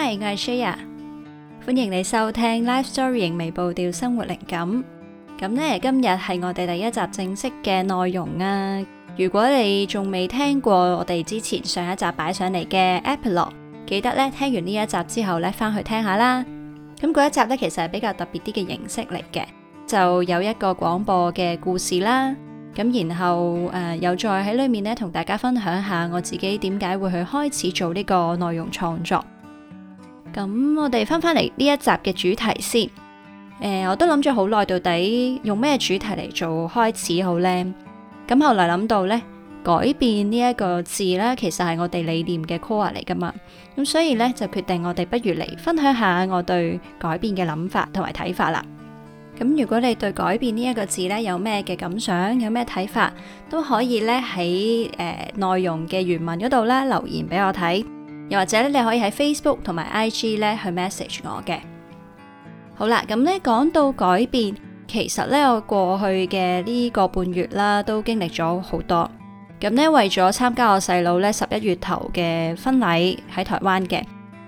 嗨，我係 Shaya，歡迎你收聽 Life Story 微步調生活靈感。咁呢，今日係我哋第一集正式嘅內容啊。如果你仲未聽過我哋之前上一集擺上嚟嘅 Apple，記得呢聽完呢一集之後呢翻去聽下啦。咁嗰一集呢其實係比較特別啲嘅形式嚟嘅，就有一個廣播嘅故事啦。咁然後誒又再喺裏面呢同大家分享下我自己點解會去開始做呢個內容創作。咁我哋翻返嚟呢一集嘅主題先，誒、欸，我都諗咗好耐，到底用咩主題嚟做開始好呢？咁後來諗到呢：改變呢一個字呢，其實係我哋理念嘅 core 嚟噶嘛，咁所以呢，就決定我哋不如嚟分享下我對改變嘅諗法同埋睇法啦。咁如果你對改變呢一個字呢有咩嘅感想，有咩睇法，都可以呢喺誒內容嘅原文嗰度呢留言俾我睇。又或者你可以喺 Facebook 同埋 IG 咧去 message 我嘅。好啦，咁、嗯、呢，講到改變，其實呢，我過去嘅呢個半月啦，都經歷咗好多。咁、嗯、呢，為咗參加我細佬呢十一月頭嘅婚禮喺台灣嘅，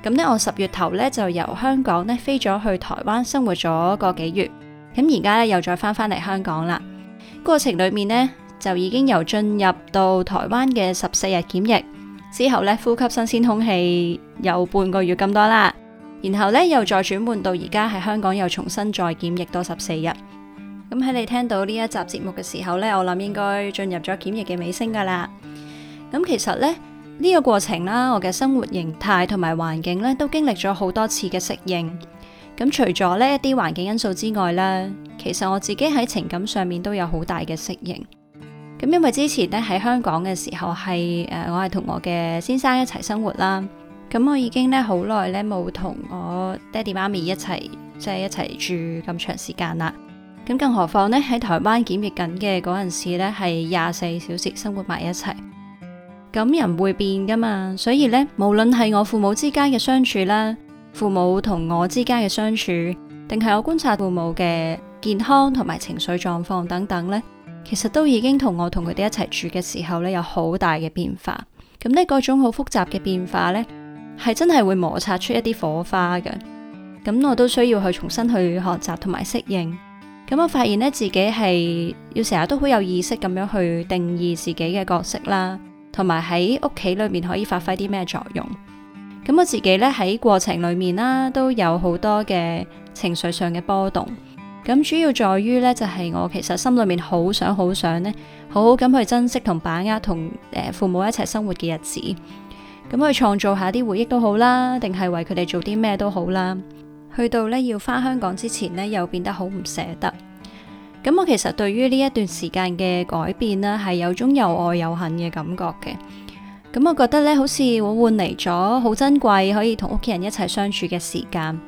咁、嗯、呢，我十月頭呢就由香港呢飛咗去台灣生活咗個幾月。咁而家呢，又再返返嚟香港啦。過程裡面呢，就已經由進入到台灣嘅十四日檢疫。之後咧，呼吸新鮮空氣有半個月咁多啦，然後咧又再轉換到而家喺香港又重新再檢疫多十四日。咁、嗯、喺你聽到呢一集節目嘅時候咧，我諗應該進入咗檢疫嘅尾聲噶啦。咁、嗯、其實咧呢、呢個過程啦，我嘅生活形態同埋環境咧都經歷咗好多次嘅適應。咁、嗯、除咗呢一啲環境因素之外咧，其實我自己喺情感上面都有好大嘅適應。咁因為之前咧喺香港嘅時候係誒、呃、我係同我嘅先生一齊生活啦，咁我已經咧好耐咧冇同我爹哋媽咪一齊即係一齊住咁長時間啦，咁更何況咧喺台灣檢疫緊嘅嗰陣時咧係廿四小時生活埋一齊，咁人會變㗎嘛，所以咧無論係我父母之間嘅相處啦，父母同我之間嘅相處，定係我觀察父母嘅健康同埋情緒狀況等等咧。其實都已經同我同佢哋一齊住嘅時候咧，有好大嘅變化。咁呢，嗰種好複雜嘅變化呢，係真係會摩擦出一啲火花嘅。咁我都需要去重新去學習同埋適應。咁我發現呢，自己係要成日都好有意識咁樣去定義自己嘅角色啦，同埋喺屋企裏面可以發揮啲咩作用。咁我自己呢，喺過程裏面啦，都有好多嘅情緒上嘅波動。咁主要在於呢，就係我其實心裏面好想好想呢，好好咁去珍惜同把握同父母一齊生活嘅日子，咁去創造下啲回憶都好啦，定係為佢哋做啲咩都好啦。去到呢，要返香港之前呢，又變得好唔捨得。咁我其實對於呢一段時間嘅改變呢，係有種又愛又恨嘅感覺嘅。咁我覺得呢，好似我換嚟咗好珍貴，可以同屋企人一齊相處嘅時間。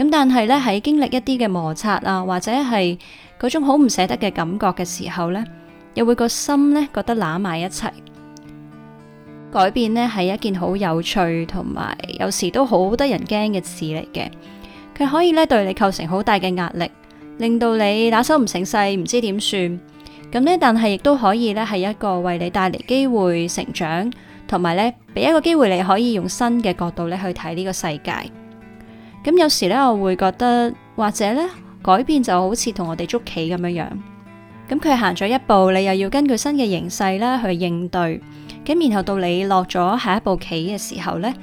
咁但係咧，喺經歷一啲嘅摩擦啊，或者係嗰種好唔捨得嘅感覺嘅時候呢，又會個心呢覺得攬埋一齊。改變呢係一件好有趣同埋有時都好得人驚嘅事嚟嘅。佢可以呢對你構成好大嘅壓力，令到你打手唔成勢，唔知點算。咁呢，但係亦都可以呢係一個為你帶嚟機會成長，同埋呢俾一個機會你可以用新嘅角度呢去睇呢個世界。咁有時咧，我會覺得或者咧改變就好似同我哋捉棋咁樣樣。咁佢行咗一步，你又要根據新嘅形勢咧去應對。咁然後到你落咗下一步棋嘅時候咧，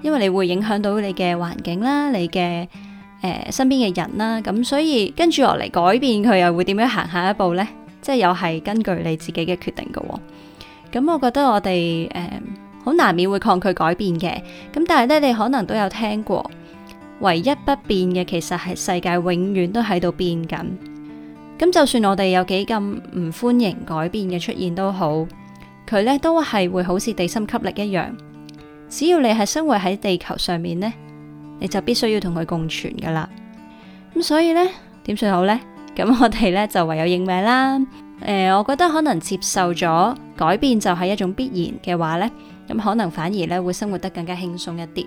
因為你會影響到你嘅環境啦，你嘅誒、呃、身邊嘅人啦。咁所以跟住落嚟改變佢又會點樣行下一步咧？即係又係根據你自己嘅決定㗎、哦。咁我覺得我哋誒好難免會抗拒改變嘅。咁但係咧，你可能都有聽過。唯一不變嘅，其實係世界永遠都喺度變緊。咁就算我哋有幾咁唔歡迎改變嘅出現都好，佢咧都係會好似地心吸力一樣。只要你係生活喺地球上面呢，你就必須要同佢共存噶啦。咁所以呢，點算好呢？咁我哋咧就唯有認命啦。誒、呃，我覺得可能接受咗改變就係一種必然嘅話呢，咁可能反而咧會生活得更加輕鬆一啲。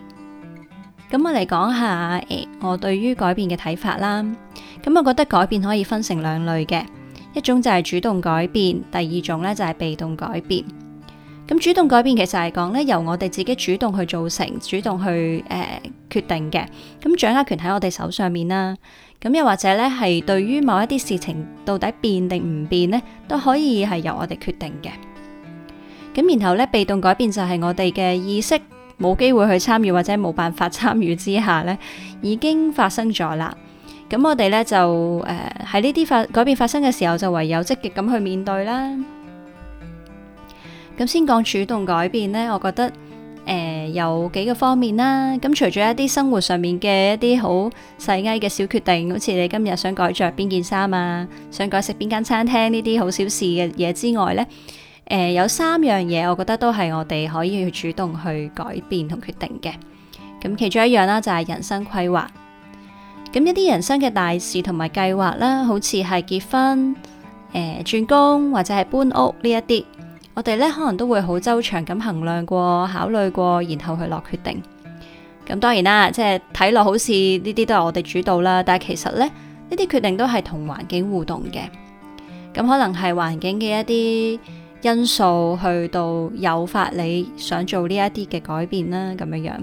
咁我嚟講下，誒、哎，我對於改變嘅睇法啦。咁我覺得改變可以分成兩類嘅，一種就係主動改變，第二種咧就係被動改變。咁主動改變其實係講咧，由我哋自己主動去做成，主動去誒、呃、決定嘅。咁掌握權喺我哋手上面啦。咁又或者咧係對於某一啲事情到底變定唔變咧，都可以係由我哋決定嘅。咁然後咧，被動改變就係我哋嘅意識，冇機會去參與，或者冇辦法參與之下呢，已經發生咗啦。咁我哋呢，就誒喺呢啲發改變發生嘅時候，就唯有積極咁去面對啦。咁先講主動改變呢，我覺得誒、呃、有幾個方面啦。咁除咗一啲生活上面嘅一啲好細埃嘅小決定，好似你今日想改着邊件衫啊，想改食邊間餐廳呢啲好小事嘅嘢之外呢。誒、呃，有三樣嘢，我覺得都係我哋可以去主動去改變同決定嘅。咁其中一樣啦，就係人生規劃。咁一啲人生嘅大事同埋計劃啦，好似係結婚、誒、呃、轉工或者係搬屋呢一啲，我哋呢可能都會好周詳咁衡量過、考慮過，然後去落決定。咁當然啦，即係睇落好似呢啲都係我哋主導啦，但係其實呢，呢啲決定都係同環境互動嘅。咁可能係環境嘅一啲。因素去到引發你想做呢一啲嘅改變啦，咁樣樣，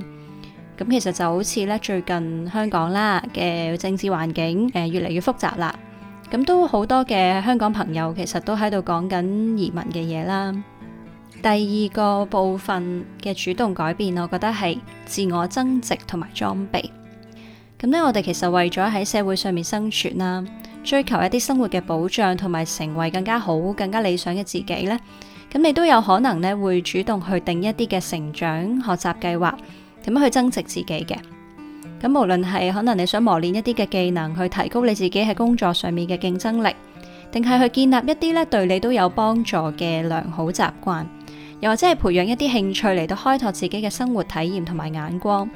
咁其實就好似咧，最近香港啦嘅政治環境誒越嚟越複雜啦，咁都好多嘅香港朋友其實都喺度講緊移民嘅嘢啦。第二個部分嘅主動改變，我覺得係自我增值同埋裝備，咁咧，我哋其實為咗喺社會上面生存啦。追求一啲生活嘅保障，同埋成為更加好、更加理想嘅自己呢，咁你都有可能呢會主動去定一啲嘅成長學習計劃，咁樣去增值自己嘅。咁無論係可能你想磨練一啲嘅技能，去提高你自己喺工作上面嘅競爭力，定係去建立一啲呢對你都有幫助嘅良好習慣，又或者係培養一啲興趣嚟到開拓自己嘅生活體驗同埋眼光。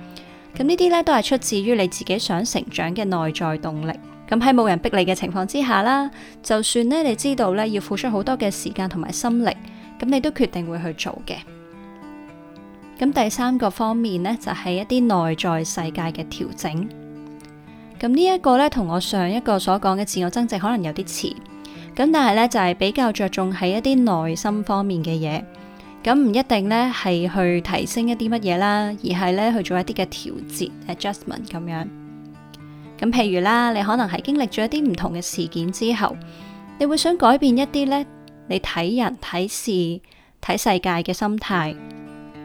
咁呢啲呢，都係出自於你自己想成長嘅內在動力。咁喺冇人逼你嘅情況之下啦，就算呢你知道呢要付出好多嘅時間同埋心力，咁你都決定會去做嘅。咁第三個方面呢，就係一啲內在世界嘅調整。咁呢一個呢，同我上一個所講嘅自我增值可能有啲似，咁但係呢，就係比較着重喺一啲內心方面嘅嘢，咁唔一定呢係去提升一啲乜嘢啦，而係呢去做一啲嘅調節 adjustment 咁樣。咁，譬如啦，你可能係經歷咗一啲唔同嘅事件之後，你會想改變一啲呢你睇人睇事睇世界嘅心態。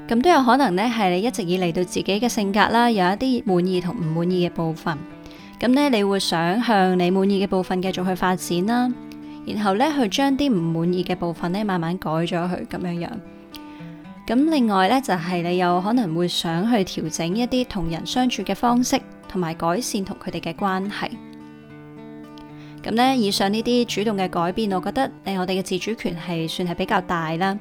咁都有可能呢，係你一直以嚟對自己嘅性格啦，有一啲滿意同唔滿意嘅部分。咁呢，你會想向你滿意嘅部分繼續去發展啦，然後呢，去將啲唔滿意嘅部分呢，慢慢改咗佢。咁樣樣。咁另外呢，就係你有可能會想去調整一啲同人相處嘅方式。同埋改善同佢哋嘅關係，咁咧以上呢啲主動嘅改變，我覺得誒，我哋嘅自主權係算係比較大啦。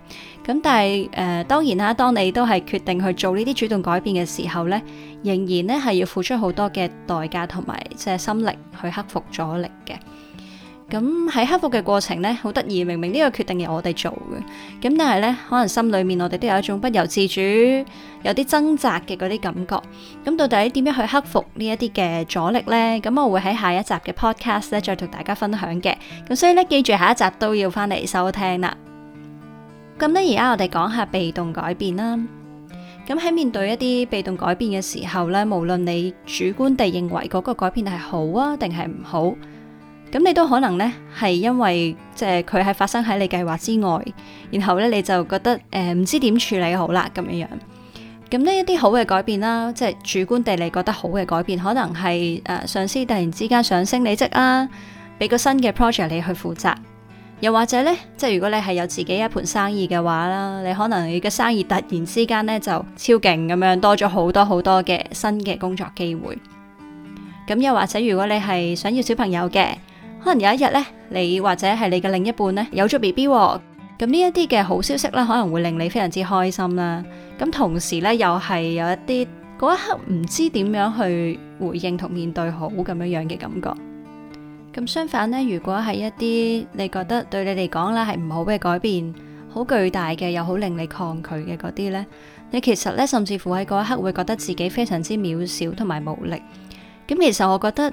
咁但係誒，呃，當然啦，當你都係決定去做呢啲主動改變嘅時候呢，仍然咧係要付出好多嘅代價同埋即係心力去克服阻力嘅。咁喺克服嘅過程呢，好得意，明明呢個決定係我哋做嘅，咁但係呢，可能心裏面我哋都有一種不由自主、有啲掙扎嘅嗰啲感覺。咁到底點樣去克服呢一啲嘅阻力呢？咁我會喺下一集嘅 podcast 咧，再同大家分享嘅。咁所以呢，記住下一集都要翻嚟收聽啦。咁呢，而家我哋講下被動改變啦。咁喺面對一啲被動改變嘅時候呢，無論你主觀地認為嗰個改變係好啊，定係唔好。咁你都可能呢，係因為即係佢係發生喺你計劃之外，然後呢，你就覺得誒唔知點處理好啦咁樣樣。咁呢一啲好嘅改變啦，即係主觀地你覺得好嘅改變，可能係誒上司突然之間想升你職啦，俾個新嘅 project 你去負責，又或者呢，即係如果你係有自己一盤生意嘅話啦，你可能你嘅生意突然之間呢，就超勁咁樣多咗好多好多嘅新嘅工作機會。咁又或者如果你係想要小朋友嘅。可能有一日呢，你或者係你嘅另一半呢，有咗 BB，咁呢一啲嘅好消息啦，可能會令你非常之開心啦。咁同時呢，又係有一啲嗰一刻唔知點樣去回應同面對好咁樣樣嘅感覺。咁相反呢，如果係一啲你覺得對你嚟講啦係唔好嘅改變，好巨大嘅又好令你抗拒嘅嗰啲呢，你其實呢，甚至乎喺嗰一刻會覺得自己非常之渺小同埋無力。咁其實我覺得。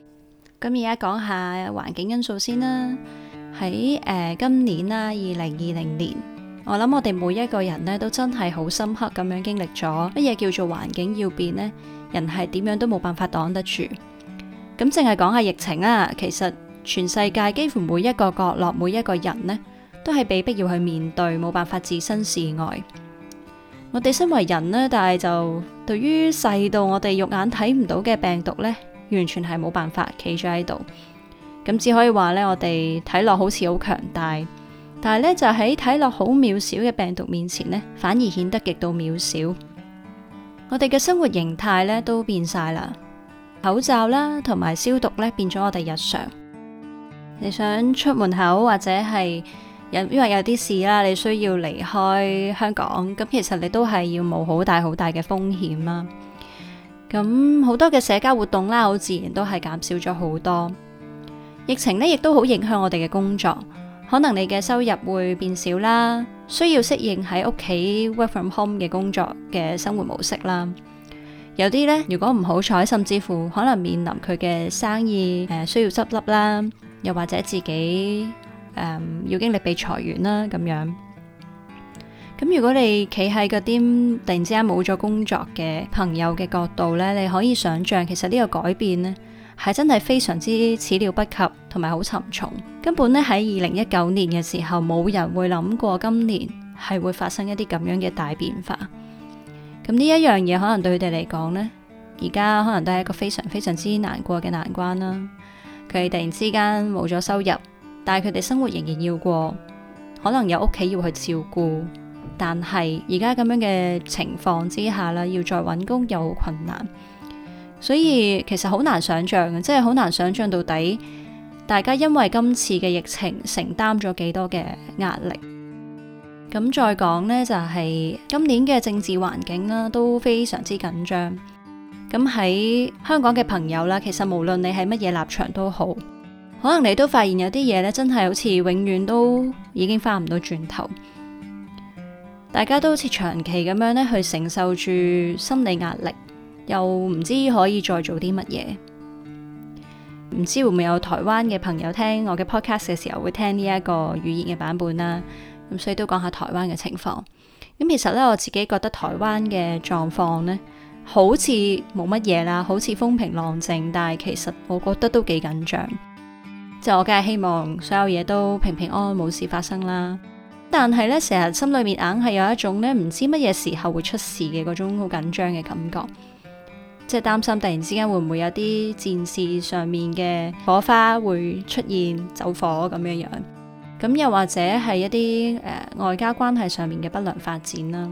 咁而家講下環境因素先啦，喺誒、呃、今年啦，二零二零年，我諗我哋每一個人呢都真係好深刻咁樣經歷咗乜嘢叫做環境要變呢？人係點樣都冇辦法擋得住。咁淨係講下疫情啊。其實全世界幾乎每一個角落，每一個人呢，都係被逼要去面對，冇辦法置身事外。我哋身為人呢，但係就對於細到我哋肉眼睇唔到嘅病毒呢。完全係冇辦法企咗喺度，咁只可以話呢，我哋睇落好似好強大，但係呢，就喺睇落好渺小嘅病毒面前呢，反而顯得極度渺小。我哋嘅生活形態呢都變晒啦，口罩啦同埋消毒呢變咗我哋日常。你想出門口或者係有因為有啲事啦，你需要離開香港，咁其實你都係要冇好大好大嘅風險啦。咁好多嘅社交活動啦，我自然都係減少咗好多。疫情呢，亦都好影響我哋嘅工作，可能你嘅收入會變少啦，需要適應喺屋企 work from home 嘅工作嘅生活模式啦。有啲呢，如果唔好彩，甚至乎可能面臨佢嘅生意誒需要執笠啦，又或者自己誒要經歷被裁員啦咁樣。咁如果你企喺嗰啲突然之間冇咗工作嘅朋友嘅角度呢，你可以想象，其實呢個改變呢，係真係非常之始料不及，同埋好沉重。根本呢，喺二零一九年嘅時候，冇人會諗過今年係會發生一啲咁樣嘅大變化。咁呢一樣嘢可能對佢哋嚟講呢，而家可能都係一個非常非常之難過嘅難關啦。佢哋突然之間冇咗收入，但係佢哋生活仍然要過，可能有屋企要去照顧。但係而家咁樣嘅情況之下啦，要再搵工又好困難，所以其實好難想象嘅，即係好難想象到底大家因為今次嘅疫情承擔咗幾多嘅壓力。咁再講呢，就係今年嘅政治環境啦，都非常之緊張。咁喺香港嘅朋友啦，其實無論你係乜嘢立場都好，可能你都發現有啲嘢咧，真係好似永遠都已經翻唔到轉頭。大家都好似長期咁樣咧，去承受住心理壓力，又唔知可以再做啲乜嘢，唔知會唔會有台灣嘅朋友聽我嘅 podcast 嘅時候會聽呢一個語言嘅版本啦。咁所以都講下台灣嘅情況。咁其實咧，我自己覺得台灣嘅狀況呢，好似冇乜嘢啦，好似風平浪靜，但係其實我覺得都幾緊張。就我梗係希望所有嘢都平平安安，冇事發生啦。但係咧，成日心裏面硬係有一種咧，唔知乜嘢時候會出事嘅嗰種好緊張嘅感覺，即係擔心突然之間會唔會有啲戰事上面嘅火花會出現走火咁樣樣，咁又或者係一啲誒、呃、外交關係上面嘅不良發展啦。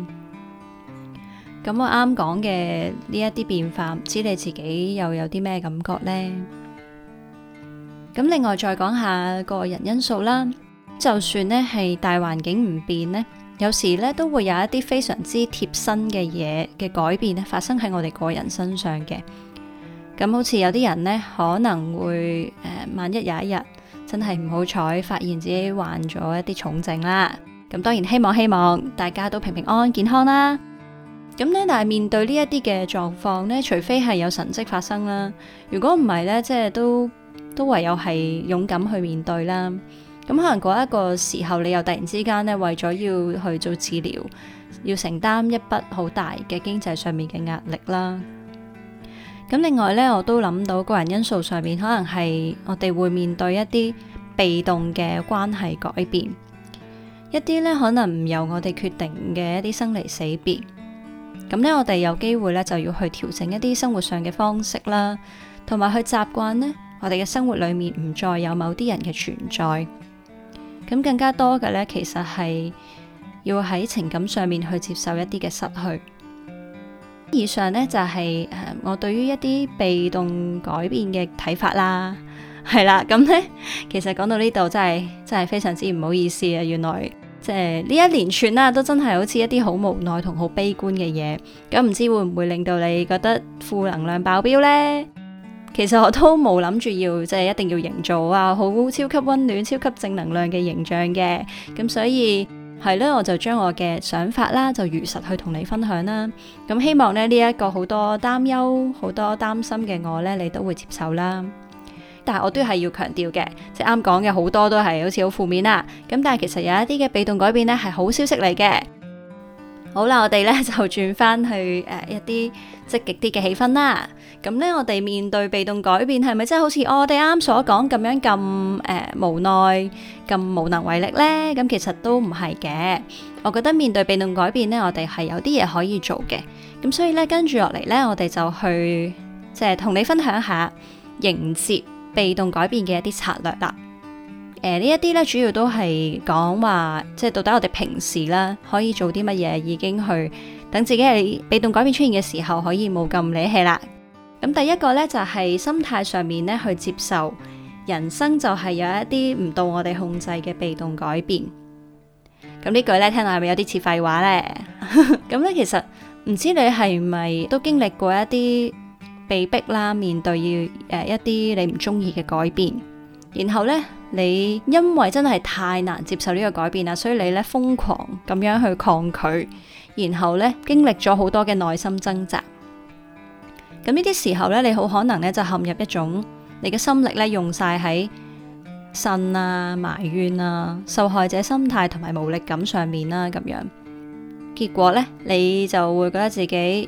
咁我啱講嘅呢一啲變化，唔知你自己又有啲咩感覺呢？咁另外再講下個人因素啦。就算咧係大環境唔變呢，有時咧都會有一啲非常之貼身嘅嘢嘅改變咧，發生喺我哋個人身上嘅。咁好似有啲人呢可能會誒、呃，萬一有一日真係唔好彩，發現自己患咗一啲重症啦。咁當然希望希望大家都平平安安、健康啦。咁呢，但係面對呢一啲嘅狀況呢，除非係有神跡發生啦。如果唔係呢，即係都都唯有係勇敢去面對啦。咁可能嗰一個時候，你又突然之間呢，為咗要去做治療，要承擔一筆好大嘅經濟上面嘅壓力啦。咁另外呢，我都諗到個人因素上面，可能係我哋會面對一啲被動嘅關係改變，一啲呢可能唔由我哋決定嘅一啲生離死別。咁呢，我哋有機會呢，就要去調整一啲生活上嘅方式啦，同埋去習慣呢，我哋嘅生活裏面唔再有某啲人嘅存在。咁更加多嘅咧，其實係要喺情感上面去接受一啲嘅失去。以上咧就係、是、誒我對於一啲被動改變嘅睇法啦，係啦。咁咧其實講到呢度真係真係非常之唔好意思啊！原來即係呢一連串啦、啊，都真係好似一啲好無奈同好悲觀嘅嘢。咁唔知會唔會令到你覺得負能量爆表呢？其實我都冇諗住要即係、就是、一定要營造啊，好超級溫暖、超級正能量嘅形象嘅咁，所以係咧，我就將我嘅想法啦，就如實去同你分享啦。咁希望咧呢一、這個好多擔憂、好多擔心嘅我呢，你都會接受啦。但係我都係要強調嘅，即係啱講嘅好多都係好似好負面啦、啊。咁但係其實有一啲嘅被動改變呢，係好消息嚟嘅。好啦，我哋呢就轉翻去誒、呃、一啲積極啲嘅氣氛啦。咁咧，我哋面對被動改變係咪真係好似我哋啱所講咁樣咁誒、呃、無奈咁無能為力呢？咁其實都唔係嘅。我覺得面對被動改變呢，我哋係有啲嘢，可以做嘅。咁所以咧，跟住落嚟呢，我哋就去即係同你分享下迎接被動改變嘅一啲策略啦。誒、呃，呢一啲呢，主要都係講話即係到底我哋平時啦可以做啲乜嘢，已經去等自己係被動改變出現嘅時候，可以冇咁理氣啦。咁第一個咧就係、是、心態上面咧去接受，人生就係有一啲唔到我哋控制嘅被動改變。咁呢句咧聽落係咪有啲似廢話咧？咁 咧其實唔知你係咪都經歷過一啲被逼啦，面對要誒、呃、一啲你唔中意嘅改變，然後咧你因為真係太難接受呢個改變啦，所以你咧瘋狂咁樣去抗拒，然後咧經歷咗好多嘅內心掙扎。咁呢啲時候咧，你好可能咧就陷入一種你嘅心力咧用晒喺呻啊、埋怨啊、受害者心態同埋無力感上面啦，咁樣結果咧你就會覺得自己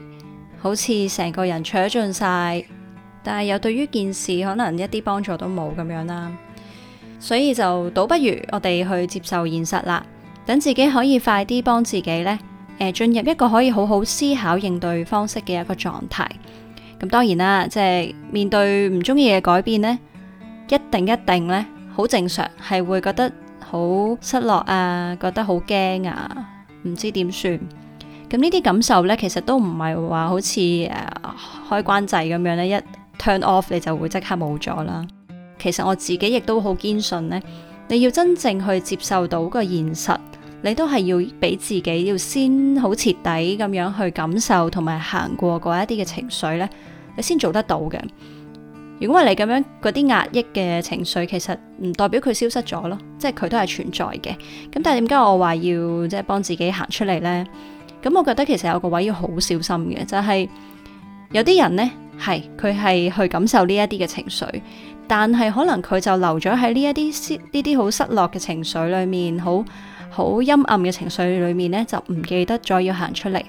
好似成個人扯盡晒，但係又對於件事可能一啲幫助都冇，咁樣啦，所以就倒不如我哋去接受現實啦，等自己可以快啲幫自己咧，誒、呃、進入一個可以好好思考應對方式嘅一個狀態。咁當然啦，即係面對唔中意嘅改變呢，一定一定咧，好正常係會覺得好失落啊，覺得好驚啊，唔知點算。咁呢啲感受呢，其實都唔係話好似誒、啊、開關掣咁樣咧，一 turn off 你就會即刻冇咗啦。其實我自己亦都好堅信呢，你要真正去接受到個現實，你都係要俾自己要先好徹底咁樣去感受同埋行過嗰一啲嘅情緒呢，你先做得到嘅。如果係你咁樣嗰啲壓抑嘅情緒，其實唔代表佢消失咗咯，即係佢都係存在嘅。咁但係點解我話要即係幫自己行出嚟呢？咁我覺得其實有個位要好小心嘅，就係、係、有啲人呢，係佢係去感受呢一啲嘅情緒，但係可能佢就留咗喺呢一啲呢啲好失落嘅情緒裏面，好好陰暗嘅情緒裏面呢，就唔記得咗要行出嚟，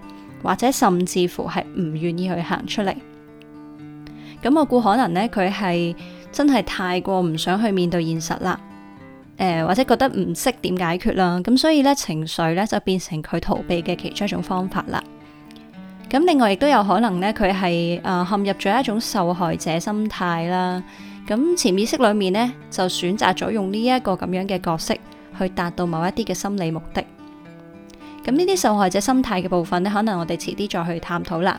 或者甚至乎係唔願意去行出嚟。咁我估可能呢，佢係真係太過唔想去面對現實啦，誒、呃，或者覺得唔識點解決啦，咁所以呢，情緒呢就變成佢逃避嘅其中一種方法啦。咁另外亦都有可能呢，佢係誒陷入咗一種受害者心態啦。咁潛意識裏面呢，就選擇咗用呢一個咁樣嘅角色去達到某一啲嘅心理目的。咁呢啲受害者心態嘅部分呢，可能我哋遲啲再去探討啦。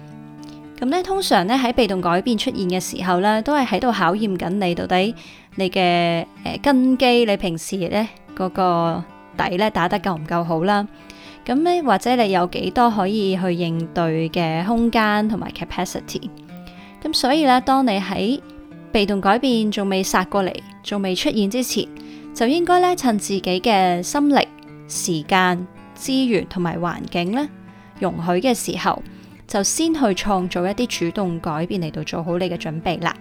咁咧，通常咧喺被動改變出現嘅時候咧，都係喺度考驗緊你到底你嘅誒根基，你平時咧嗰個底咧打得夠唔夠好啦？咁咧或者你有幾多可以去應對嘅空間同埋 capacity？咁所以咧，當你喺被動改變仲未殺過嚟，仲未出現之前，就應該咧趁自己嘅心力、時間、資源同埋環境咧容許嘅時候。就先去創造一啲主動改變嚟到做好你嘅準備啦。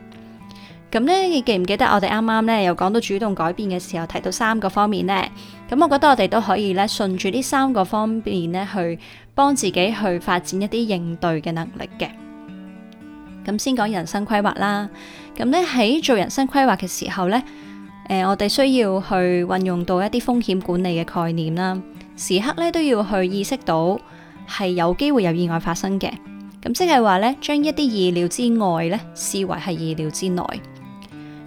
咁呢，你記唔記得我哋啱啱呢？又講到主動改變嘅時候，提到三個方面呢。咁我覺得我哋都可以咧，順住呢三個方面呢，去幫自己去發展一啲應對嘅能力嘅。咁先講人生規劃啦。咁呢，喺做人生規劃嘅時候呢，誒、呃，我哋需要去運用到一啲風險管理嘅概念啦，時刻呢，都要去意識到。係有機會有意外發生嘅，咁即係話呢，將一啲意料之外呢，視為係意料之內。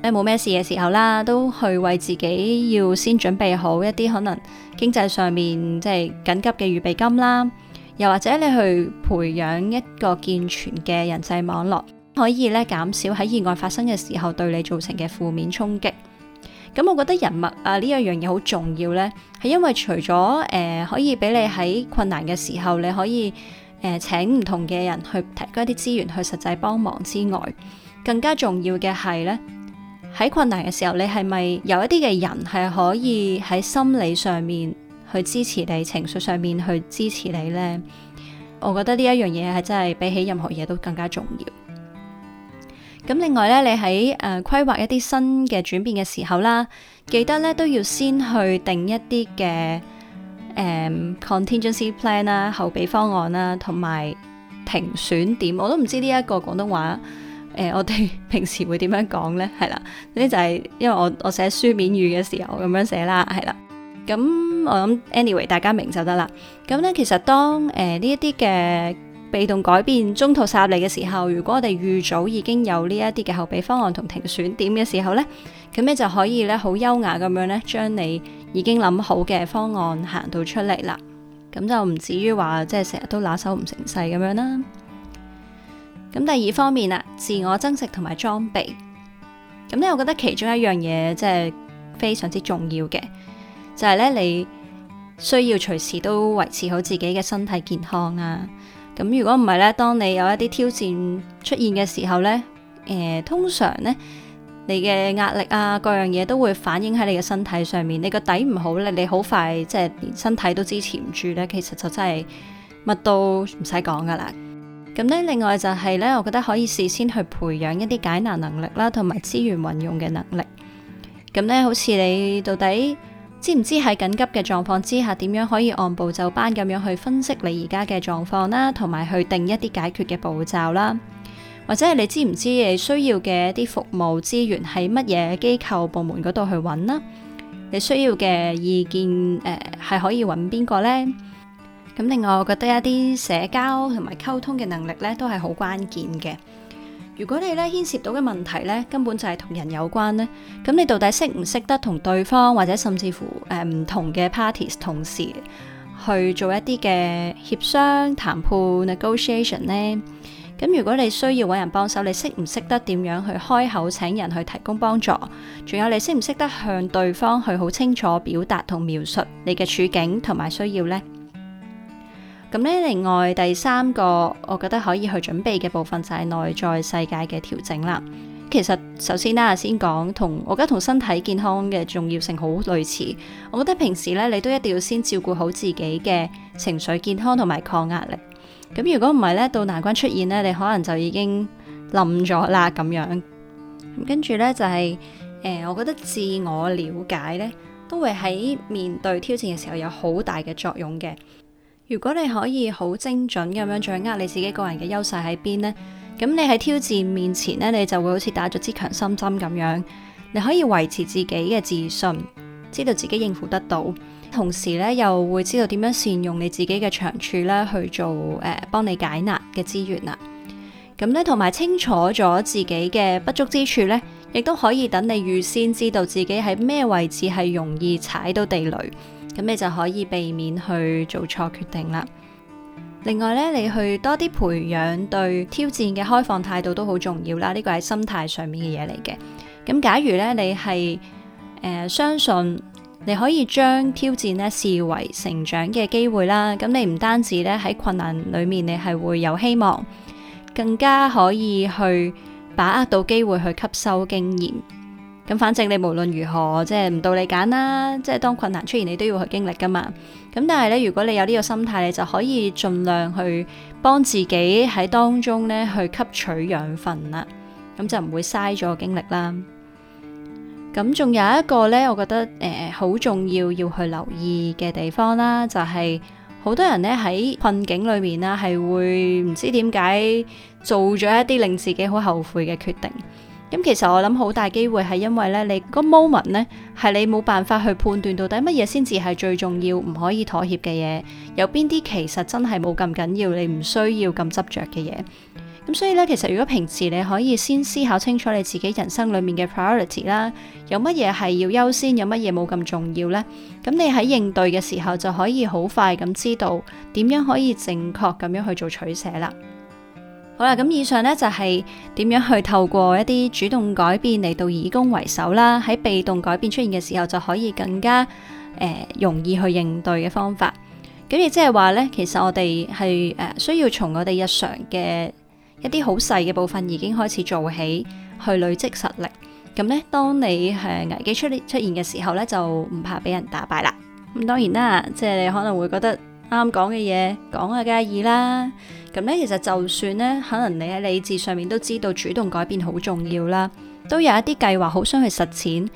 咧冇咩事嘅時候啦，都去為自己要先準備好一啲可能經濟上面即係緊急嘅預備金啦，又或者你去培養一個健全嘅人際網絡，可以咧減少喺意外發生嘅時候對你造成嘅負面衝擊。咁、嗯、我覺得人脈啊呢一樣嘢好重要呢，係因為除咗誒、呃、可以俾你喺困難嘅時候你可以誒、呃、請唔同嘅人去提供一啲資源去實際幫忙之外，更加重要嘅係呢，喺困難嘅時候你係咪有一啲嘅人係可以喺心理上面去支持你、情緒上面去支持你呢？我覺得呢一樣嘢係真係比起任何嘢都更加重要。咁另外咧，你喺誒、呃、規劃一啲新嘅轉變嘅時候啦，記得咧都要先去定一啲嘅誒、呃、contingency plan 啦、後備方案啦，同埋停損點。我都唔知呢一個廣東話誒、呃，我哋平時會點樣講咧？係啦，呢就係因為我我寫書面語嘅時候咁樣寫啦，係啦。咁我諗 anyway 大家明就得啦。咁咧其實當誒呢一啲嘅被動改變，中途殺入嚟嘅時候，如果我哋預早已經有呢一啲嘅後備方案同停損點嘅時候呢，咁你就可以咧好優雅咁樣呢，將你已經諗好嘅方案行到出嚟啦。咁就唔至於話即係成日都拿手唔成勢咁樣啦。咁第二方面啊，自我增值同埋裝備，咁呢，我覺得其中一樣嘢即係非常之重要嘅，就係呢，你需要隨時都維持好自己嘅身體健康啊。咁如果唔係咧，當你有一啲挑戰出現嘅時候咧，誒、呃，通常咧你嘅壓力啊，各樣嘢都會反映喺你嘅身體上面。你個底唔好咧，你好快即係連身體都支持唔住咧，其實就真係乜都唔使講噶啦。咁咧，另外就係咧，我覺得可以事先去培養一啲解難能力啦，同埋資源運用嘅能力。咁咧，好似你到底。知唔知喺緊急嘅狀況之下，點樣可以按部就班咁樣去分析你而家嘅狀況啦，同埋去定一啲解決嘅步驟啦？或者係你知唔知你需要嘅一啲服務資源喺乜嘢機構部門嗰度去揾啦？你需要嘅意見誒係、呃、可以揾邊個呢？咁另外，我覺得一啲社交同埋溝通嘅能力呢，都係好關鍵嘅。如果你咧牽涉到嘅問題咧，根本就係同人有關咧，咁你到底識唔識得同對方或者甚至乎誒唔、呃、同嘅 parties 同時去做一啲嘅協商談判 negotiation 咧？咁如果你需要揾人幫手，你識唔識得點樣去開口請人去提供幫助？仲有你識唔識得向對方去好清楚表達同描述你嘅處境同埋需要呢？咁咧，另外第三個，我覺得可以去準備嘅部分就係內在世界嘅調整啦。其實首先咧、啊，先講同我覺得同身體健康嘅重要性好類似。我覺得平時咧，你都一定要先照顧好自己嘅情緒健康同埋抗壓力。咁如果唔係咧，到難關出現咧，你可能就已經冧咗啦咁樣。跟住咧就係、是、誒、呃，我覺得自我了解咧都會喺面對挑戰嘅時候有好大嘅作用嘅。如果你可以好精準咁樣掌握你自己個人嘅優勢喺邊呢？咁你喺挑戰面前呢，你就會好似打咗支強心針咁樣，你可以維持自己嘅自信，知道自己應付得到，同時呢，又會知道點樣善用你自己嘅長處呢去做誒、幫、呃、你解難嘅資源啦。咁呢同埋清楚咗自己嘅不足之處呢，亦都可以等你預先知道自己喺咩位置係容易踩到地雷。咁你就可以避免去做錯決定啦。另外咧，你去多啲培養對挑戰嘅開放態度都好重要啦。呢、這個係心態上面嘅嘢嚟嘅。咁假如咧，你係誒、呃、相信你可以將挑戰咧，視為成長嘅機會啦。咁你唔單止咧喺困難裏面，你係會有希望，更加可以去把握到機會去吸收經驗。咁反正你無論如何，即係唔到你揀啦，即係當困難出現，你都要去經歷噶嘛。咁但係咧，如果你有呢個心態，你就可以盡量去幫自己喺當中咧去吸取養分啦。咁就唔會嘥咗經歷啦。咁仲有一個咧，我覺得誒好重要要去留意嘅地方啦，就係好多人咧喺困境裏面啦，係會唔知點解做咗一啲令自己好後悔嘅決定。咁其實我諗好大機會係因為咧，你個 moment 咧係你冇辦法去判斷到底乜嘢先至係最重要，唔可以妥協嘅嘢，有邊啲其實真係冇咁緊要，你唔需要咁執着嘅嘢。咁所以咧，其實如果平時你可以先思考清楚你自己人生裏面嘅 priority 啦，有乜嘢係要優先，有乜嘢冇咁重要咧，咁你喺應對嘅時候就可以好快咁知道點樣可以正確咁樣去做取捨啦。好啦，咁以上呢就係點樣去透過一啲主動改變嚟到以攻為守啦，喺被動改變出現嘅時候就可以更加誒容易去應對嘅方法。咁亦即係話呢，其實我哋係誒需要從我哋日常嘅一啲好細嘅部分已經開始做起，去累積實力。咁呢，當你係危機出出現嘅時候呢，就唔怕俾人打敗啦。咁當然啦，即係你可能會覺得。啱講嘅嘢講下介意啦，咁呢，其實就算呢，可能你喺理智上面都知道主動改變好重要啦，都有一啲計劃好想去實踐，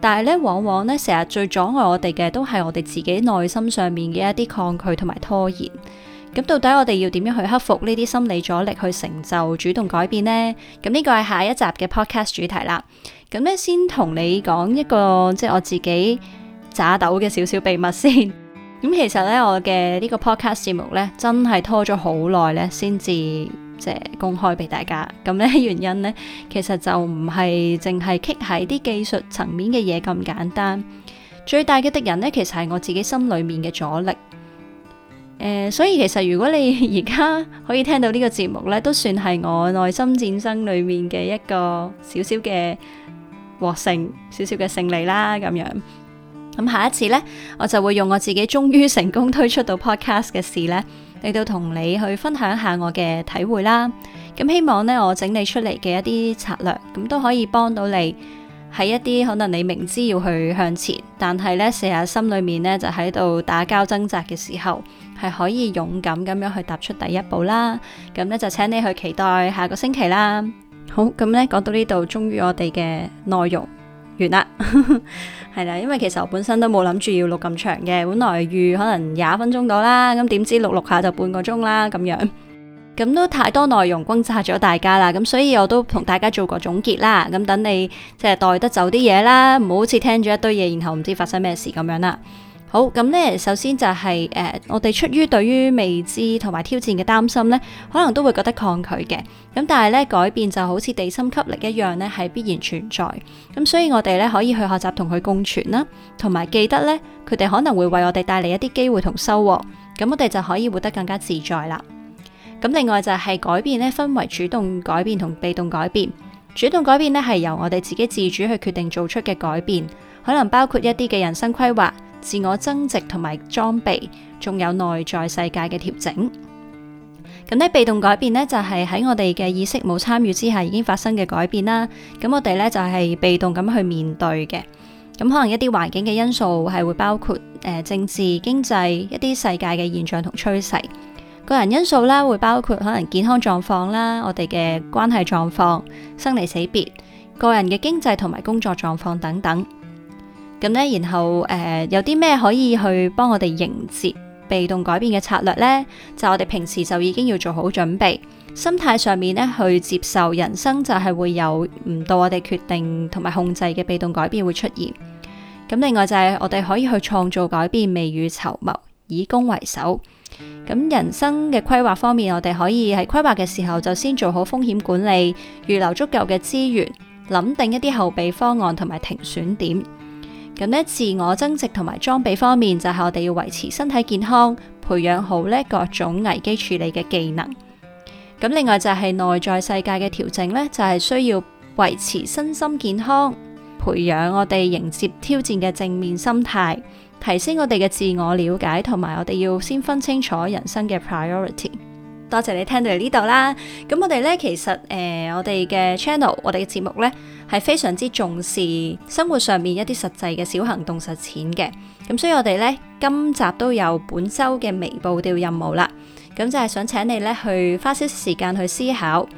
但係呢，往往呢，成日最阻礙我哋嘅都係我哋自己內心上面嘅一啲抗拒同埋拖延。咁到底我哋要點樣去克服呢啲心理阻力去成就主動改變呢？咁呢個係下一集嘅 podcast 主題啦。咁呢，先同你講一個即係、就是、我自己渣斗嘅少少秘密先。咁其實咧，我嘅呢個 podcast 節目咧，真係拖咗好耐咧，先至即係公開俾大家。咁咧，原因咧，其實就唔係淨係卡喺啲技術層面嘅嘢咁簡單。最大嘅敵人咧，其實係我自己心裏面嘅阻力。誒、呃，所以其實如果你而家可以聽到呢個節目咧，都算係我內心戰爭裏面嘅一個小小嘅獲勝，小小嘅勝利啦，咁樣。咁下一次呢，我就會用我自己終於成功推出到 podcast 嘅事呢，嚟到同你去分享下我嘅體會啦。咁希望呢，我整理出嚟嘅一啲策略，咁都可以幫到你喺一啲可能你明知要去向前，但係呢，成日心裏面呢，就喺度打交掙扎嘅時候，係可以勇敢咁樣去踏出第一步啦。咁呢，就請你去期待下個星期啦。好，咁呢，講到呢度，終於我哋嘅內容。完啦，係啦，因為其實我本身都冇諗住要錄咁長嘅，本來預可能廿分鐘到啦，咁點知錄錄下就半個鐘啦，咁樣，咁 都太多內容轟炸咗大家啦，咁所以我都同大家做個總結啦，咁等你即係帶得走啲嘢啦，唔好好似聽咗一堆嘢然後唔知發生咩事咁樣啦。好，咁呢，首先就係誒，我哋出於對於未知同埋挑戰嘅擔心呢，可能都會覺得抗拒嘅。咁但係呢，改變就好似地心吸力一樣呢，係必然存在。咁所以我哋呢，可以去學習同佢共存啦，同埋記得呢，佢哋可能會為我哋帶嚟一啲機會同收穫。咁我哋就可以活得更加自在啦。咁另外就係改變呢，分為主動改變同被動改變。主動改變呢，係由我哋自己自主去決定做出嘅改變，可能包括一啲嘅人生規劃。自我增值同埋裝備，仲有內在世界嘅調整。咁呢，被動改變呢，就係喺我哋嘅意識冇參與之下已經發生嘅改變啦。咁我哋呢，就係被動咁去面對嘅。咁可能一啲環境嘅因素係會包括誒政治、經濟一啲世界嘅現象同趨勢。個人因素啦，會包括可能健康狀況啦，我哋嘅關係狀況、生離死別、個人嘅經濟同埋工作狀況等等。咁咧，然後誒、呃，有啲咩可以去幫我哋迎接被動改變嘅策略呢？就是，我哋平時就已經要做好準備，心態上面咧去接受人生就係會有唔到我哋決定同埋控制嘅被動改變會出現。咁另外就係、是，我哋可以去創造改變，未雨綢繆，以攻為守。咁人生嘅規劃方面，我哋可以喺規劃嘅時候就先做好風險管理，預留足夠嘅資源，諗定一啲後備方案同埋停選點。咁咧，自我增值同埋裝備方面，就係我哋要維持身體健康，培養好咧各種危機處理嘅技能。咁另外就係內在世界嘅調整咧，就係需要維持身心健康，培養我哋迎接挑戰嘅正面心態，提升我哋嘅自我了解，同埋我哋要先分清楚人生嘅 priority。多謝你聽到嚟呢度啦，咁我哋咧其實誒、呃，我哋嘅 channel，我哋嘅節目咧係非常之重視生活上面一啲實際嘅小行動實踐嘅，咁所以我哋咧今集都有本周嘅微步調任務啦，咁就係想請你咧去花少少時間去思考，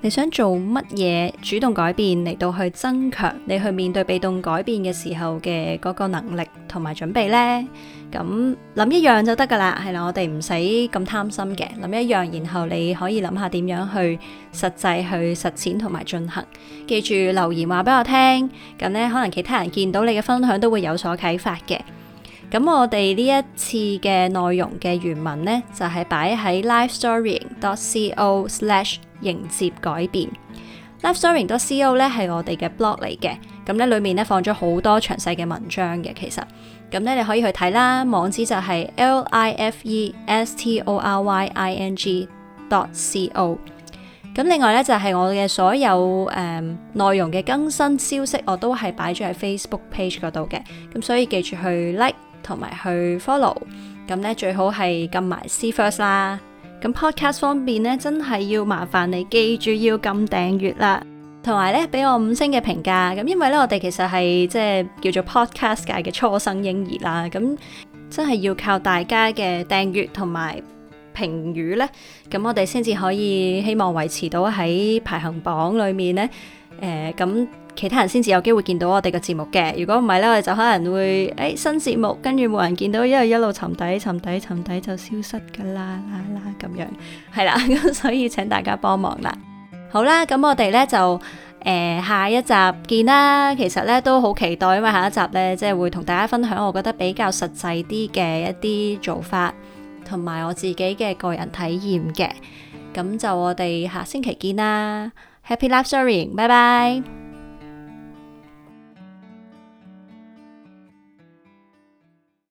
你想做乜嘢主動改變嚟到去增強你去面對被動改變嘅時候嘅嗰個能力同埋準備呢。咁諗一樣就得噶啦，係啦，我哋唔使咁貪心嘅，諗一樣，然後你可以諗下點樣去實際去實踐同埋進行。記住留言話俾我聽，咁呢可能其他人見到你嘅分享都會有所啟發嘅。咁我哋呢一次嘅內容嘅原文呢，就係、是、擺喺 lifestoring.co/ 迎接改變。lifestoring.co 咧係我哋嘅 blog 嚟嘅，咁咧裏面咧放咗好多詳細嘅文章嘅，其實。咁咧你可以去睇啦，網址就係 lifestorying.dot.co。咁另外咧就係我嘅所有誒內容嘅更新消息，我都係擺咗喺 Facebook page 嗰度嘅。咁所以記住去 like 同埋去 follow。咁咧最好係撳埋 See First 啦。咁 Podcast 方面咧，真係要麻煩你記住要撳訂閱啦。同埋咧，俾我五星嘅評價。咁因為咧，我哋其實係即係叫做 Podcast 界嘅初生嬰兒啦。咁真係要靠大家嘅訂閱同埋評語咧。咁我哋先至可以希望維持到喺排行榜裏面咧。誒、呃，咁其他人先至有機會見到我哋嘅節目嘅。如果唔係咧，我哋就可能會誒、哎、新節目，跟住冇人見到，一路一路沉底，沉底，沉底就消失㗎啦啦啦咁樣。係啦，咁所以請大家幫忙啦。好啦，咁我哋呢就誒、呃、下一集見啦。其實呢都好期待，因為下一集呢，即係會同大家分享我覺得比較實際啲嘅一啲做法，同埋我自己嘅個人體驗嘅。咁就我哋下星期見啦。Happy Lab Sharing，拜拜。